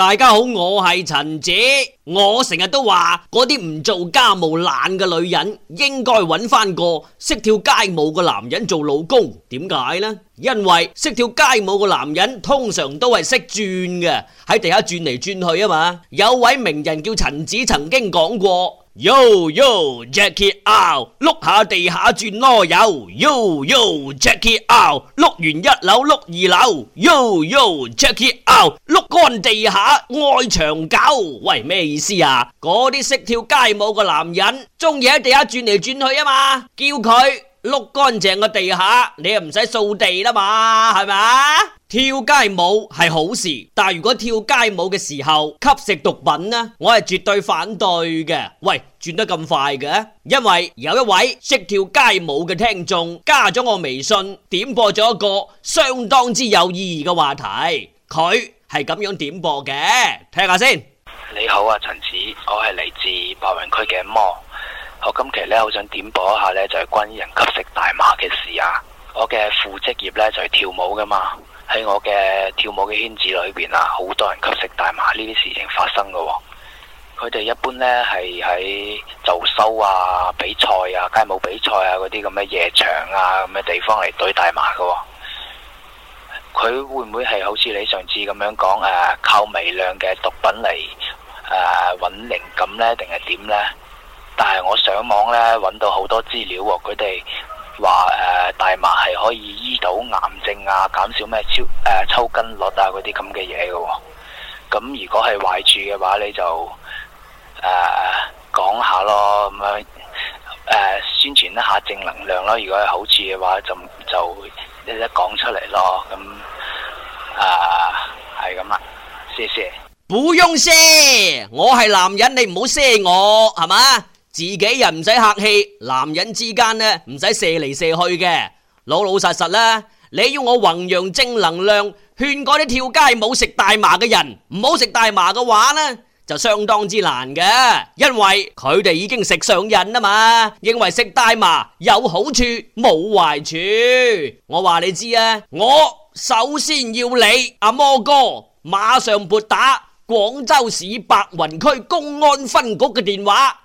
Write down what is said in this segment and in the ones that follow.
大家好，我係陳子，我成日都話嗰啲唔做家務懶嘅女人應該揾返個識跳街舞嘅男人做老公，點解呢？因為識跳街舞嘅男人通常都係識轉嘅，喺地下轉嚟轉去啊嘛。有位名人叫陳子曾經講過。Yo Yo Jackie Out，碌下地下轉囉柚。Yo Yo Jackie Out，碌完一樓碌二樓。Yo Yo Jackie Out，碌乾地下愛長久。喂，咩意思啊？嗰啲識跳街舞嘅男人，鍾意喺地下轉嚟轉去啊嘛，叫佢碌乾淨個地下，你又唔使掃地啦嘛，係咪啊？跳街舞係好事，但係如果跳街舞嘅時候吸食毒品呢？我係絕對反對嘅。喂，轉得咁快嘅，因為有一位識跳街舞嘅聽眾加咗我微信，點播咗一個相當之有意義嘅話題。佢係咁樣點播嘅，聽下先。你好啊，陳子，我係嚟自白雲區嘅魔。我今期呢，好想點播一下呢，就係軍人吸食大麻嘅事啊。我嘅副職業呢，就係跳舞噶嘛。喺我嘅跳舞嘅圈子裏邊啊，好多人吸食大麻呢啲事情發生嘅喎。佢哋一般呢，係喺做 show 啊、比賽啊、街舞比賽啊嗰啲咁嘅夜場啊咁嘅地方嚟懟大麻嘅喎。佢會唔會係好似你上次咁樣講誒、啊，靠微量嘅毒品嚟誒搵靈感咧，定係點咧？但係我上網咧，揾到好多資料喎，佢哋。話誒、呃，大麻係可以醫到癌症啊，減少咩抽誒抽筋率啊，嗰啲咁嘅嘢噶。咁如果係壞處嘅話，你就誒、呃、講下咯，咁樣誒宣傳一下正能量咯。如果係好處嘅話，就就一一講出嚟咯。咁啊，係咁啊，謝謝。唔用謝，我係男人，你唔好謝我，係咪？自己人唔使客氣，男人之間呢唔使射嚟射去嘅，老老實實啦。你要我弘揚正能量，勸嗰啲跳街舞食大麻嘅人唔好食大麻嘅話呢，就相當之難嘅，因為佢哋已經食上癮啊嘛，認為食大麻有好處冇壞處。我話你知啊，我首先要你阿魔哥馬上撥打廣州市白雲區公安分局嘅電話。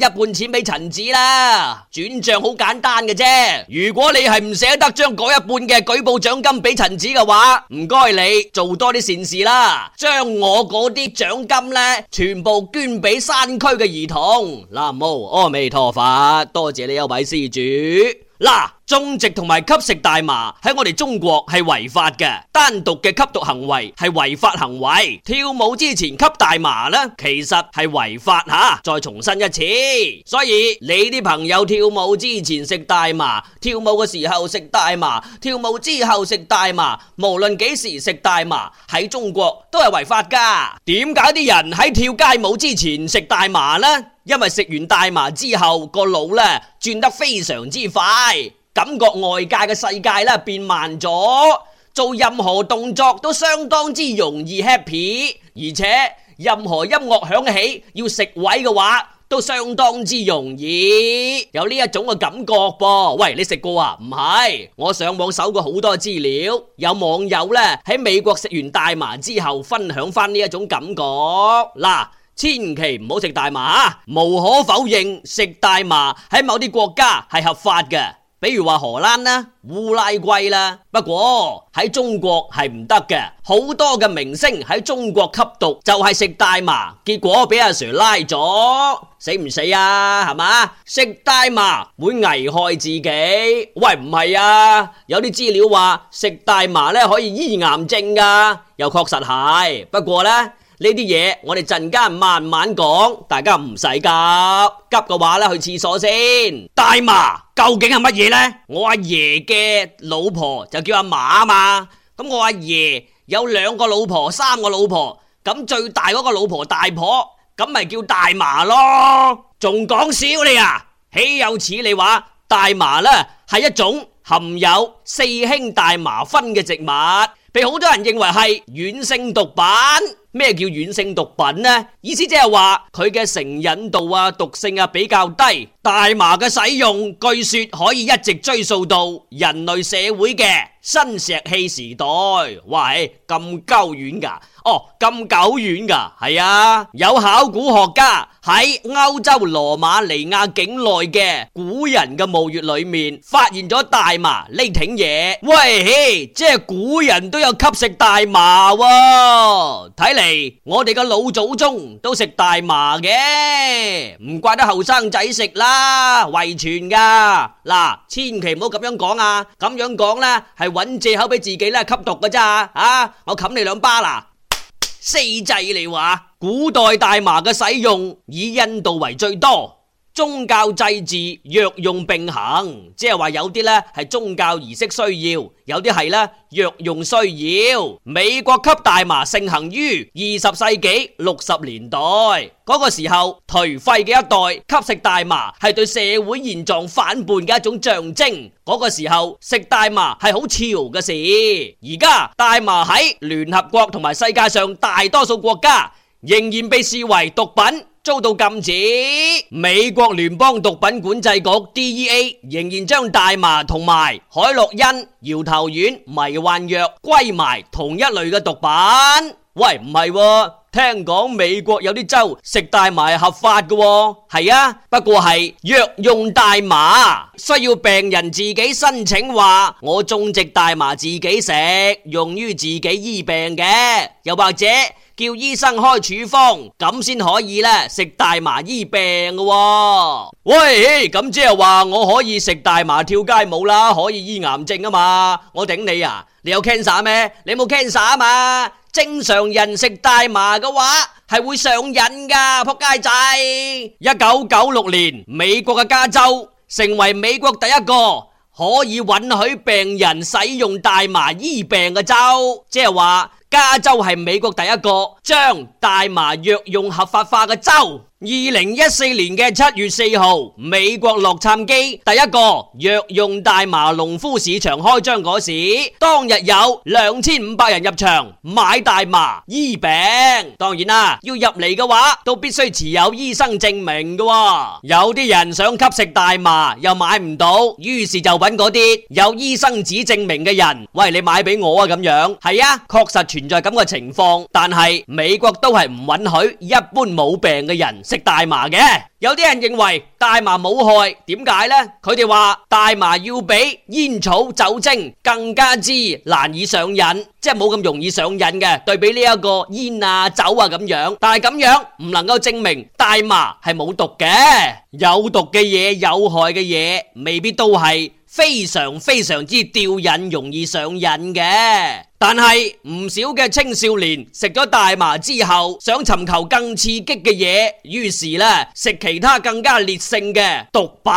一半錢俾陳子啦，轉賬好簡單嘅啫。如果你係唔捨得將嗰一半嘅舉報獎金俾陳子嘅話，唔該你做多啲善事啦，將我嗰啲獎金呢，全部捐俾山區嘅兒童。南無阿彌陀佛，多謝呢一位施主啦。種植同埋吸食大麻喺我哋中國係違法嘅，單獨嘅吸毒行為係違法行為。跳舞之前吸大麻呢，其實係違法吓。再重申一次，所以你啲朋友跳舞之前食大麻，跳舞嘅時候食大麻，跳舞之後食大麻，無論幾時食大麻喺中國都係違法㗎。點解啲人喺跳街舞之前食大麻呢？因為食完大麻之後個腦呢，轉得非常之快。感覺外界嘅世界啦，變慢咗，做任何動作都相當之容易 happy，而且任何音樂響起要食位嘅話都相當之容易，有呢一種嘅感覺噃。喂，你食過啊？唔係，我上網搜過好多資料，有網友咧喺美國食完大麻之後分享返呢一種感覺。嗱，千祈唔好食大麻吓，無可否認食大麻喺某啲國家係合法嘅。比如話荷蘭啦、烏拉圭啦，不過喺中國係唔得嘅。好多嘅明星喺中國吸毒，就係食大麻，結果俾阿 Sir 拉咗，死唔死啊？係咪？食大麻會危害自己。喂，唔係啊，有啲資料話食大麻咧可以醫癌症㗎，又確實係。不過呢。呢啲嘢我哋陣間慢慢講，大家唔使急。急嘅話去廁所先。大麻究竟係乜嘢呢？我阿爺嘅老婆就叫阿嫲嘛。咁我阿爺有兩個老婆，三個老婆。咁最大嗰個老婆大婆，咁咪叫大麻咯。仲講笑你啊？豈有此理話大麻呢，係一種含有四氫大麻酚嘅植物。被好多人認為係軟性毒品，咩叫軟性毒品呢？意思即係話佢嘅成癮度啊、毒性啊比較低。大麻嘅使用，據說可以一直追溯到人類社會嘅新石器時代，喂，咁鳩遠㗎。哦，咁久遠噶，係啊，有考古學家喺歐洲羅馬尼亞境內嘅古人嘅墓穴裏面發現咗大麻呢挺嘢。喂，嘿，即係古人都有吸食大麻喎，睇嚟，我哋嘅老祖宗都食大麻嘅，唔怪得後生仔食啦，遺傳噶，嗱，千祈唔好咁樣講啊，咁樣講咧係揾借口俾自己咧吸毒噶咋，啊，我冚你兩巴啦。四季嚟話，古代大麻嘅使用以印度為最多。宗教祭祀、藥用並行，即係話有啲咧係宗教儀式需要，有啲係咧藥用需要。美國吸大麻盛行於二十世紀六十年代嗰個時候，頹廢嘅一代吸食大麻係對社會現狀反叛嘅一種象徵。嗰個時候食大麻係好潮嘅事，而家大麻喺聯合國同埋世界上大多數國家仍然被視為毒品。遭到禁止，美國聯邦毒品管制局 DEA 仍然將大麻同埋海洛因、搖頭丸、迷幻藥歸埋同一類嘅毒品。喂，唔係喎，聽講美國有啲州食大麻係合法嘅喎，係啊，不過係藥用大麻需要病人自己申請，話我種植大麻自己食，用於自己醫病嘅，又或者。叫醫生開處方咁先可以呢，食大麻醫病噶喎。喂，咁即係話我可以食大麻跳街舞啦，可以醫癌症啊嘛？我頂你啊！你有 cancer 咩？你冇 cancer 啊嘛？正常人食大麻嘅話係會上癮噶，仆街仔。一九九六年，美國嘅加州成為美國第一個可以允許病人使用大麻醫病嘅州，即係話加州係美國第一個將大麻藥用合法化嘅州。二零一四年嘅七月四號，美國洛杉磯第一個藥用大麻農夫市場開張嗰時，當日有兩千五百人入場買大麻醫病。當然啦、啊，要入嚟嘅話都必須持有醫生證明嘅。有啲人想吸食大麻又買唔到，於是就揾嗰啲有醫生紙證明嘅人，喂，你買俾我啊！咁樣係啊，確實存在咁嘅情況，但係美國都係唔允許一般冇病嘅人。食大麻嘅，有啲人認為大麻冇害，點解呢？佢哋話大麻要比煙草、酒精更加之難以上癮，即係冇咁容易上癮嘅。對比呢一個煙啊、酒啊咁樣，但係咁樣唔能夠證明大麻係冇毒嘅。有毒嘅嘢、有害嘅嘢，未必都係非常非常之吊癮、容易上癮嘅。但係唔少嘅青少年食咗大麻之後，想尋求更刺激嘅嘢，於是呢，食其他更加烈性嘅毒品。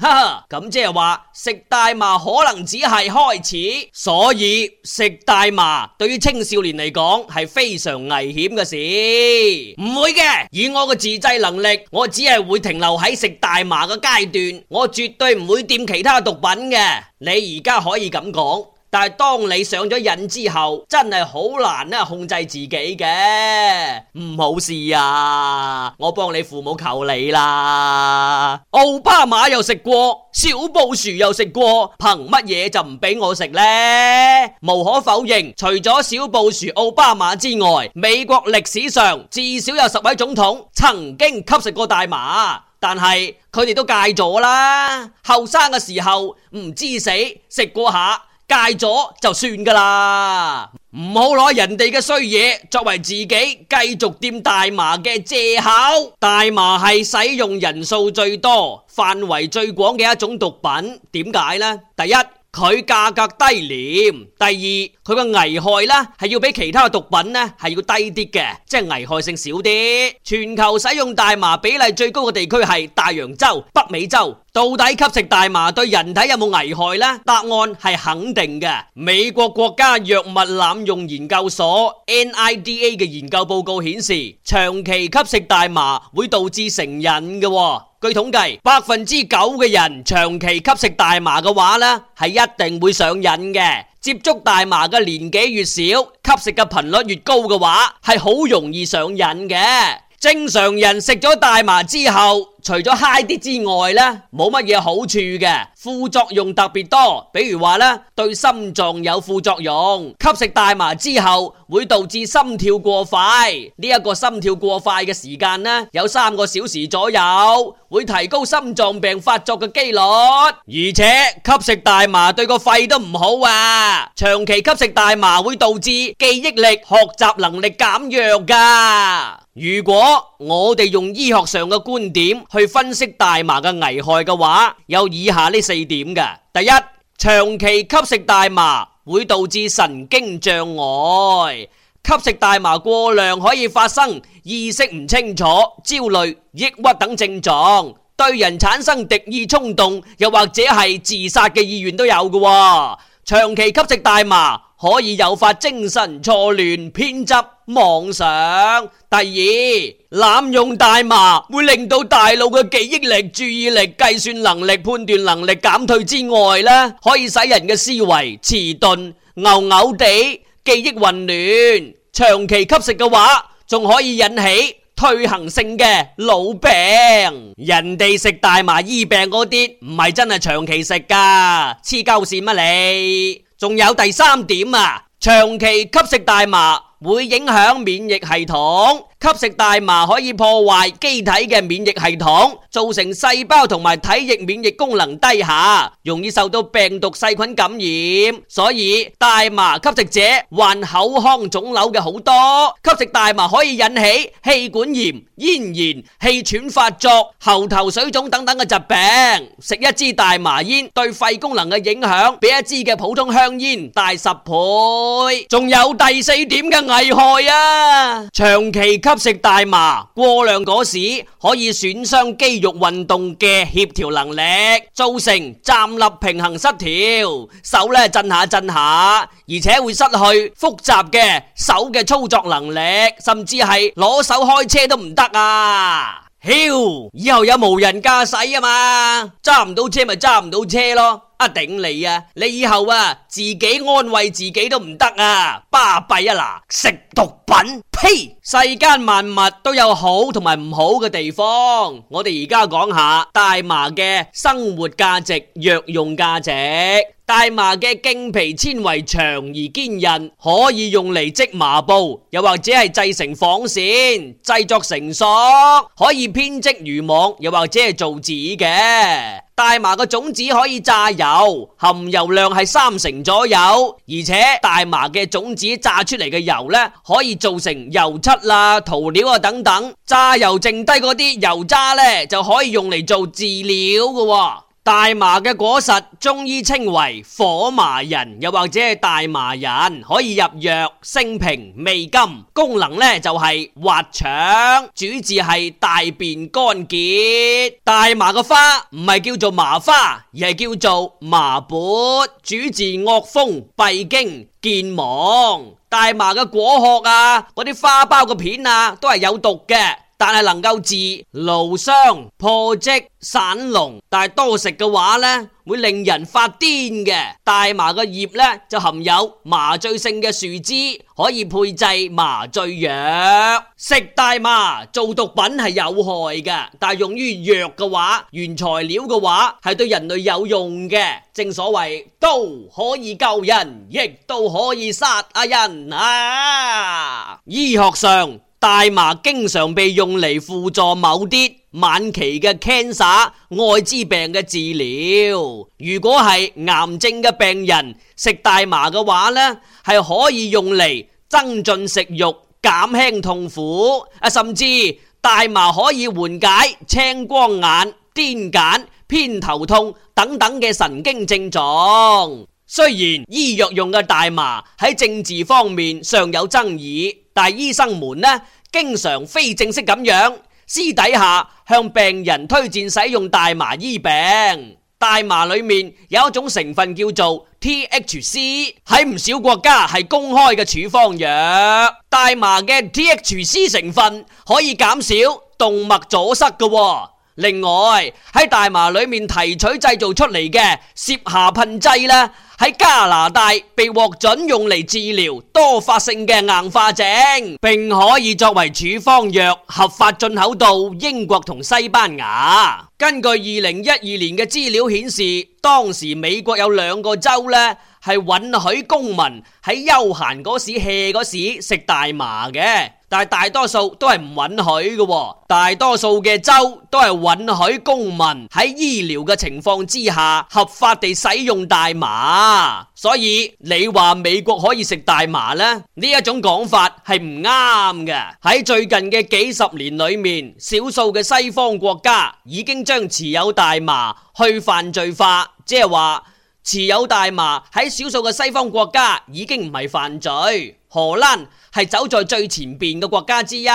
咁即係話食大麻可能只係開始，所以食大麻對於青少年嚟講係非常危險嘅事。唔會嘅，以我嘅自制能力，我只係會停留喺食大麻嘅階段，我絕對唔會掂其他毒品嘅。你而家可以咁講。但係當你上咗癮之後，真係好難控制自己嘅，唔好事啊！我幫你父母求你啦。奧巴馬又食過，小布殊又食過，憑乜嘢就唔俾我食呢？無可否認，除咗小布殊、奧巴馬之外，美國歷史上至少有十位總統曾經吸食過大麻，但係佢哋都戒咗啦。後生嘅時候唔知死，食過下。戒咗就算㗎喇，唔好攞人哋嘅衰嘢作為自己繼續掂大麻嘅借口。大麻係使用人數最多、範圍最廣嘅一種毒品，點解呢？第一。佢價格低廉。第二，佢個危害咧係要比其他嘅毒品咧係要低啲嘅，即係危害性少啲。全球使用大麻比例最高嘅地區係大洋洲、北美洲。到底吸食大麻對人體有冇危害呢？答案係肯定嘅。美國國家藥物濫用研究所 （NIDA） 嘅研究報告顯示，長期吸食大麻會導致成癮嘅。據統計，百分之九嘅人長期吸食大麻嘅話呢，係一定會上癮嘅。接觸大麻嘅年紀越少，吸食嘅頻率越高嘅話，係好容易上癮嘅。正常人食咗大麻之後，除咗嗨啲之外呢，冇乜嘢好處嘅，副作用特別多。比如話呢，對心臟有副作用，吸食大麻之後會導致心跳過快。呢一個心跳過快嘅時間呢，有三個小時左右，會提高心臟病發作嘅機率。而且吸食大麻對個肺都唔好啊，長期吸食大麻會導致記憶力、學習能力減弱噶。如果我哋用醫學上嘅觀點去分析大麻嘅危害嘅話，有以下呢四點嘅：第一，長期吸食大麻會導致神經障礙；吸食大麻過量可以發生意識唔清楚、焦慮、抑鬱等症狀，對人產生敵意衝動，又或者係自殺嘅意願都有嘅。長期吸食大麻。可以誘發精神錯亂、偏執妄想。第二，濫用大麻會令到大腦嘅記憶力、注意力、計算能力、判斷能力減退之外呢，呢可以使人嘅思維遲鈍、牛牛地、記憶混亂。長期吸食嘅話，仲可以引起退行性嘅腦病。人哋食大麻醫病嗰啲，唔係真係長期食㗎，黐鳩線乜你？仲有第三點啊，長期吸食大麻，會影響免疫系統，吸食大麻可以破壞機體嘅免疫系統，造成細胞同埋體液免疫功能低下，容易受到病毒細菌感染。所以大麻吸食者患口腔腫瘤嘅好多，吸食大麻可以引起氣管炎、咽炎、氣喘發作、喉頭水腫等等嘅疾病。食一支大麻煙對肺功能嘅影響比一支嘅普通香煙大十倍。仲有第四點嘅。危害啊！長期吸食大麻過量嗰時，可以損傷肌肉運動嘅協調能力，造成站立平衡失調，手呢震下震下，而且會失去複雜嘅手嘅操作能力，甚至係攞手開車都唔得啊！以後有無人駕駛啊嘛，揸唔到車咪揸唔到車咯。啊！頂你啊！你以後啊，自己安慰自己都唔得啊！巴閉啊嗱，食毒品，呸！世間萬物都有好同埋唔好嘅地方，我哋而家講下大麻嘅生活價值、藥用價值。大麻嘅莖皮纖維長而堅韌，可以用嚟織麻布，又或者係製成紡線，製作繩索，可以編織漁網，又或者係造紙嘅。大麻嘅種子可以榨油，含油量係三成左右，而且大麻嘅種子榨出嚟嘅油咧，可以做成油漆啦、塗料啊等等。榨油剩低嗰啲油渣咧，就可以用嚟做飼料噶啊。大麻嘅果實，中醫稱為火麻仁，又或者係大麻仁，可以入藥，性平味甘，功能呢就係滑腸，主治係大便乾結。大麻嘅花唔係叫做麻花，而係叫做麻本，主治惡風、閉經、健忘。大麻嘅果殼啊，嗰啲花苞嘅片啊，都係有毒嘅。但係能夠治勞傷、破積、散膿，但係多食嘅話呢，會令人發癲嘅。大麻個葉呢，就含有麻醉性嘅樹脂，可以配製麻醉藥。食大麻做毒品係有害嘅，但係用於藥嘅話，原材料嘅話係對人類有用嘅。正所謂，刀可以救人，亦都可以殺人啊！醫學上。大麻經常被用嚟輔助某啲晚期嘅 cancer、艾滋病嘅治療。如果係癌症嘅病人食大麻嘅話呢，係可以用嚟增進食欲、減輕痛苦，啊，甚至大麻可以緩解青光眼、癲癇、偏頭痛等等嘅神經症狀。雖然醫藥用嘅大麻喺政治方面尚有爭議。但醫生們呢，經常非正式咁樣私底下向病人推薦使用大麻醫病。大麻裏面有一種成分叫做 THC，喺唔少國家係公開嘅處方藥。大麻嘅 THC 成分可以減少動脈阻塞嘅，哦。另外喺大麻裏面提取製造出嚟嘅舌下噴劑呢，喺加拿大被獲准用嚟治療多發性嘅硬化症，並可以作為處方藥合法進口到英國同西班牙。根據二零一二年嘅資料顯示，當時美國有兩個州呢係允許公民喺休閒嗰時，閒時、吃嗰時食大麻嘅。但係大多數都係唔允許嘅哦，大多數嘅州都係允許公民喺醫療嘅情況之下合法地使用大麻。所以你話美國可以食大麻呢，呢一種講法係唔啱嘅。喺最近嘅幾十年裏面，少數嘅西方國家已經將持有大麻去犯罪化，即係話持有大麻喺少數嘅西方國家已經唔係犯罪。荷蘭係走在最前面嘅國家之一。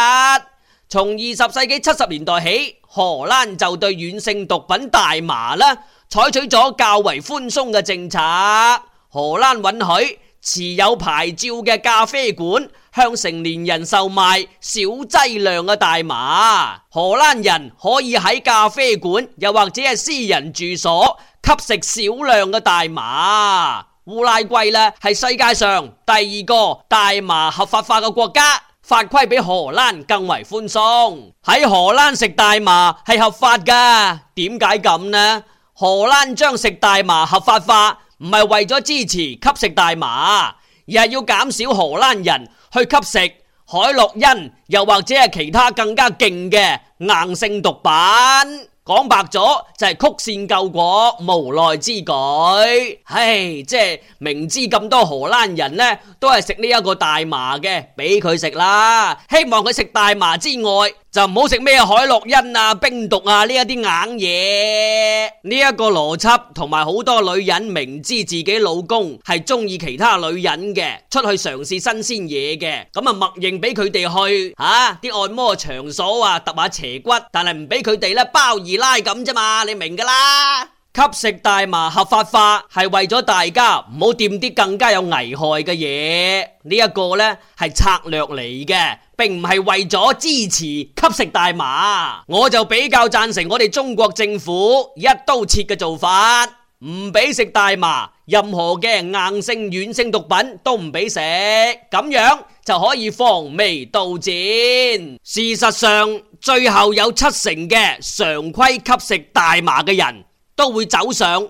從二十世紀七十年代起，荷蘭就對軟性毒品大麻呢採取咗較為寬鬆嘅政策。荷蘭允許持有牌照嘅咖啡館向成年人售賣小劑量嘅大麻。荷蘭人可以喺咖啡館又或者係私人住所吸食少量嘅大麻。烏拉圭啦，係世界上第二個大麻合法化嘅國家，法規比荷蘭更為寬鬆。喺荷蘭食大麻係合法噶，點解咁呢？荷蘭將食大麻合法化，唔係為咗支持吸食大麻，而係要減少荷蘭人去吸食海洛因，又或者係其他更加勁嘅硬性毒品。講白咗就係、是、曲線救國，無奈之舉。唉，即係明知咁多荷蘭人呢都係食呢一個大麻嘅，俾佢食啦，希望佢食大麻之外。就唔好食咩海洛因啊、冰毒啊呢一啲硬嘢。呢、這、一個邏輯同埋好多女人明知自己老公係中意其他女人嘅，出去嘗試新鮮嘢嘅，咁啊默認俾佢哋去吓啲、啊、按摩場所啊，揼下斜骨，但係唔俾佢哋咧包二奶咁咋嘛？你明噶啦。吸食大麻合法化係為咗大家唔好掂啲更加有危害嘅嘢，這個、呢一個呢係策略嚟嘅，並唔係為咗支持吸食大麻。我就比較贊成我哋中國政府一刀切嘅做法，唔俾食大麻，任何嘅硬性、軟性毒品都唔俾食，咁樣就可以防微杜漸。事實上，最後有七成嘅常規吸食大麻嘅人。都會走上。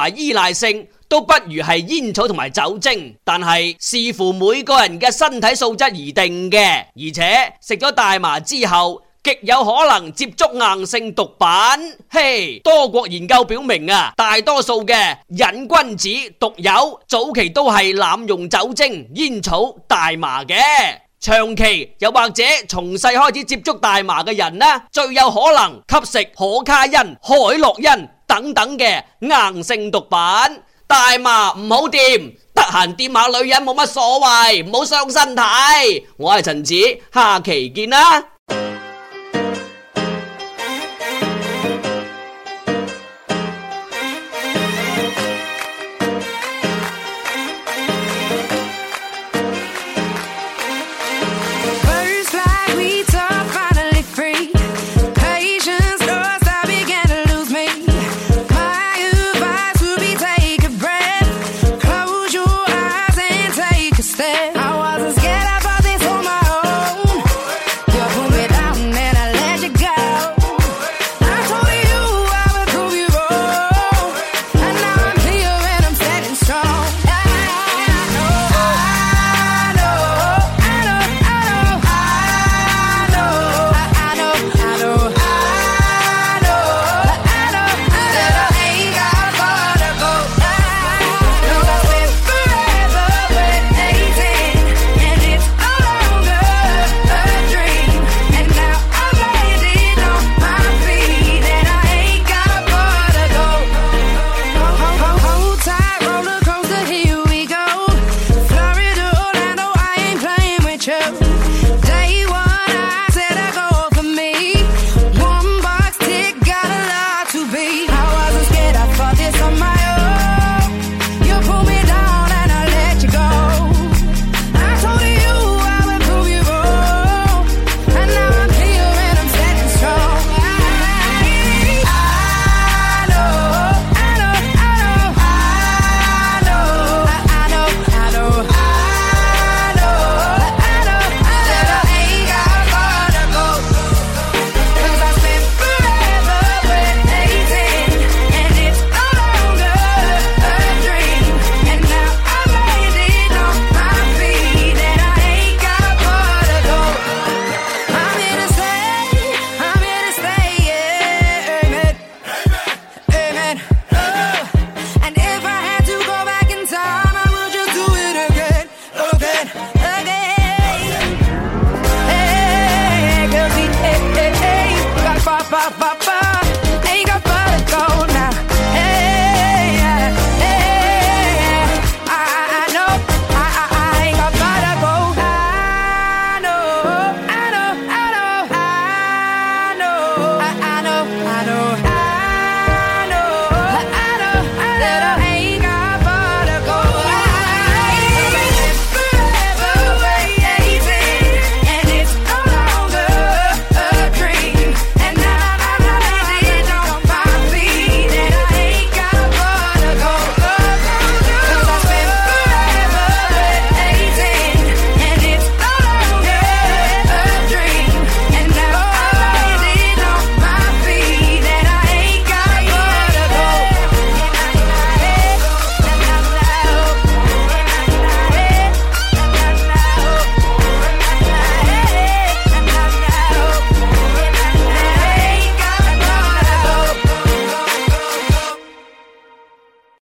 埋依賴性都不如係煙草同埋酒精，但係視乎每個人嘅身體素質而定嘅。而且食咗大麻之後，極有可能接觸硬性毒品。嘿，hey，多國研究表明啊，大多數嘅癮君子毒友早期都係濫用酒精、煙草、大麻嘅，長期又或者從細開始接觸大麻嘅人呢，最有可能吸食可卡因、海洛因。等等嘅硬性毒品，大麻唔好掂。得閒掂下女人冇乜所謂，唔好傷身體。我係陳子，下期見啦。